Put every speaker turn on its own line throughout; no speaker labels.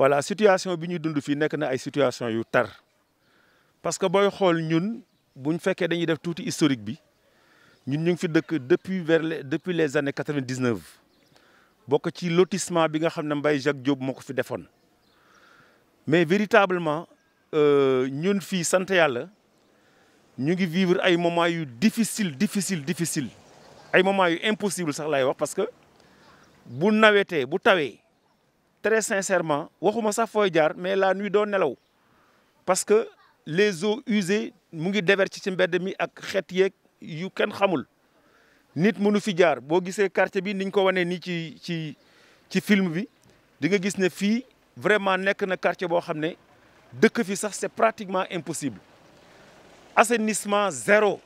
voilà situation bi ñuy dund fi nek na ay situation yu tar parce que boy xol ñun buñ féké dañuy def tout historique bi ñun ñu fi dëkk depuis vers les depuis les années 99 bok ci lotissement bi nga xam ne Mbaye Jacques Diop moko fi defoon mais véritablement euh, ñun fi sante yalla ñu ngi vivre ay moments yu difficile difficile difficile ay moments yu impossible sax lay wax parce que bu nawété bu tawé très sincèrement je waxuma ça pas fait, mais la nuit là nelaw parce que les eaux usées mu ngi déver ci ci mbedd mi ak xeet gens yu ne xamul nit munu fi jaar vous avez quartier bi niñ ko wanee ni ci ci ci film bi di nga gis vraiment nek na quartier bo xamné ne dëkk fi sax c'est pratiquement impossible assainissement zéro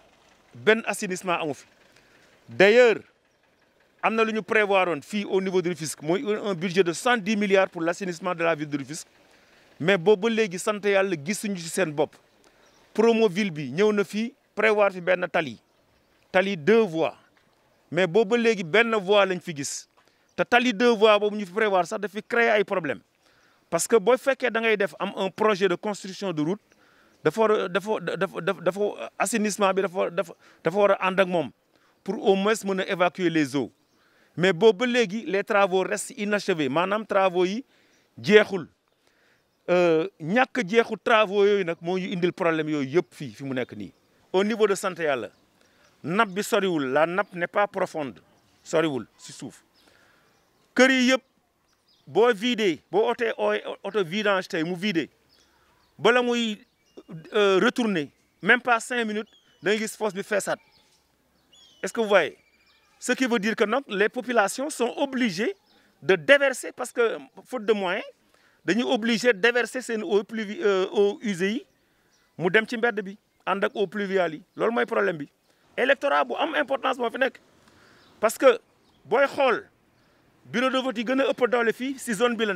ben assainissement amu fi d'ailleurs amna luñu lu ñu prévoir woon fii au niveau de Rufisque moy un budget de 110 milliards pour l'assainissement de la ville de Rufisque mais boobu ba léegi sant yàlla gisuñu ci bop Promo ville bi ñëw na prévoir fi ben tali tali deux voies mais boobu ba léegi voie lañ fi gis ta tali deux voies bobu ñu fi prévoir sax da fi créer ay problème parce que boy féké da ngay def am un projet de construction de route dafa dafa dafa assainissement bi dafa dafa dafa wara and ak mom pour au moins mën évacuer les eaux mais boobu les travaux restent inachevés manam travaux yi pas ñak Les travaux yoy nak mo ñu indil problème yoy fi mu nek au niveau de Santé, yalla la nappe n'est pas profonde yi vidé bo auto vidange mu vidé bala muy euh, retourner même pas cinq minutes da nga gis fosse bi est-ce que vous voyez. Ce qui veut dire que non, les populations sont obligées de déverser, parce que faute de moyens, nous obligés de déverser ces eaux pluvi euh, eau usée yi mu dem ci bi pluviale C'est le problème L'électorat a une importance parce que boy bureau de vote yi zone bi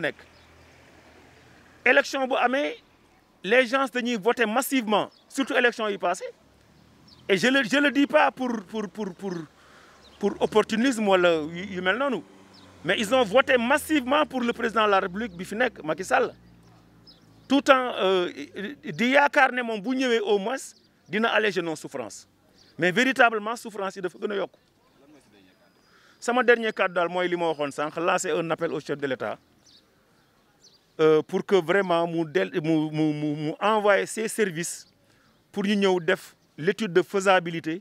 les gens votent massivement surtout l'élection est passée. et je ne le dis pas pour pour pour pour pour opportunisme wala yu nous. mais ils ont voté massivement pour le président de la république bi Makissal. tout en euh, disant yaakaar au moins dina alléger nos souffrances mais véritablement souffrance yi dafa gën a C'est Mon dernier cadre Je mooy lancer un appel au chef de l'État euh, pour que vraiment mu ses services pour l'étude de faisabilité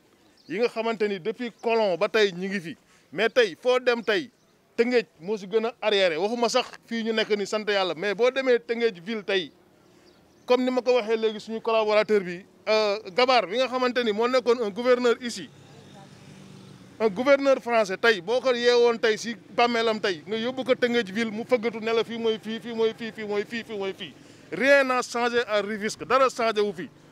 yi nga xamante ni depuis colon ba tey ñi ngi fi mais tey foo dem tey Tëngéej moo si gën a arriéré waxuma sax fii ñu nekk ni sant yàlla mais boo demee Tëngéej ville tey comme ni ma ko waxee léegi suñu collaborateur bi euh, gabaar bi nga xamante ni moo nekkoon un gouverneur ici un gouverneur français tey boo ko yeewoon tey si bàmmeelam tey nga yóbbu ko Tëngéej ville mu fëggatu nela la fii mooy fii fii mooy fii fii mooy fii fii fii rien n'a changé à Rufisque dara changé wu fi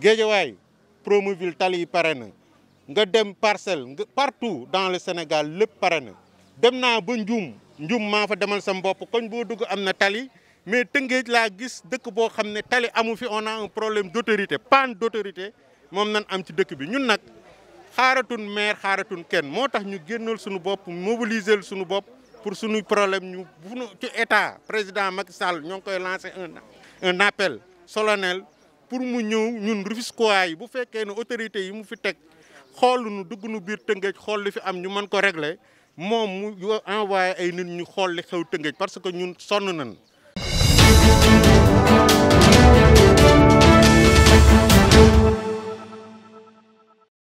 Guédiawaye Promoville tali yi nga dem parcelle nga partout dans le Sénégal le pare na dem naa ba Ndioum Ndioum ma fa demal sa mbop, koñ bo dugg amna tali mais Tëngéej la gis dëkk bo xamné tali amu fi on a un problème d'autorité panne d'autorité mom nan am ci dëkk bi ñun nak xaratun maire xaratun ken, motax ñu génnal suñu bopp mobiliser suñu bopp pour suñu problème ñu ci état président Macky Sall ñong koy lancer un un appel solennel pour mu ñëw ñun Rufisquois yi bu fekkee ne autorités yi mu fi teg xool nu dugg nu biir Tëngéej xool li fi am ñu mën ko régler moom mu envoyé ay nit ñu xool li xew tëngëj parce que ñun sonn nañ